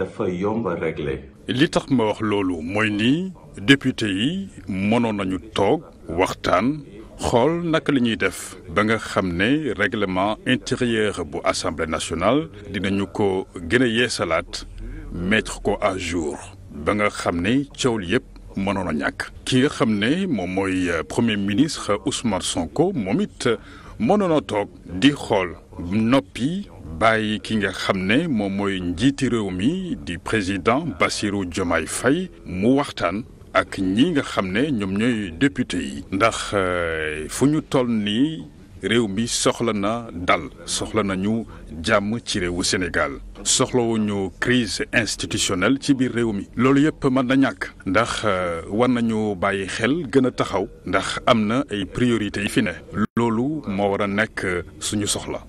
dafa yomb li tax ma wax loolu mooy nii député yi mënoon nañu toog waxtaan xool naka la ñuy def ba nga xam ne réglement intérieur bu assemblée nationale ñu ko gën yeesalaat mettre ko à jour ba nga xam ne coow li yëpp mënoon a ñàkk. ki nga xam ne moom mooy euh, premier ministre Ousmane Sonko moom it mënoon a toog di xool noppi. bàyyi ki nga xam ne moom mooy njiiti réew mi di président Bassirou Diomaye fay mu waxtaan ak ñi nga xam ne ñoom ñooy député yi ndax euh, fu ñu toll nii réew mi soxla na dal soxla nañu jàmm ci réewu Sénégal soxlawuñu crise institutionnelle ci biir réew mi loolu yëpp mën na ñàkk ndax euh, war nañu bàyyi xel gën a taxaw ndax am na ay priorités yi fi ne loolu moo war a nekk euh, suñu soxla.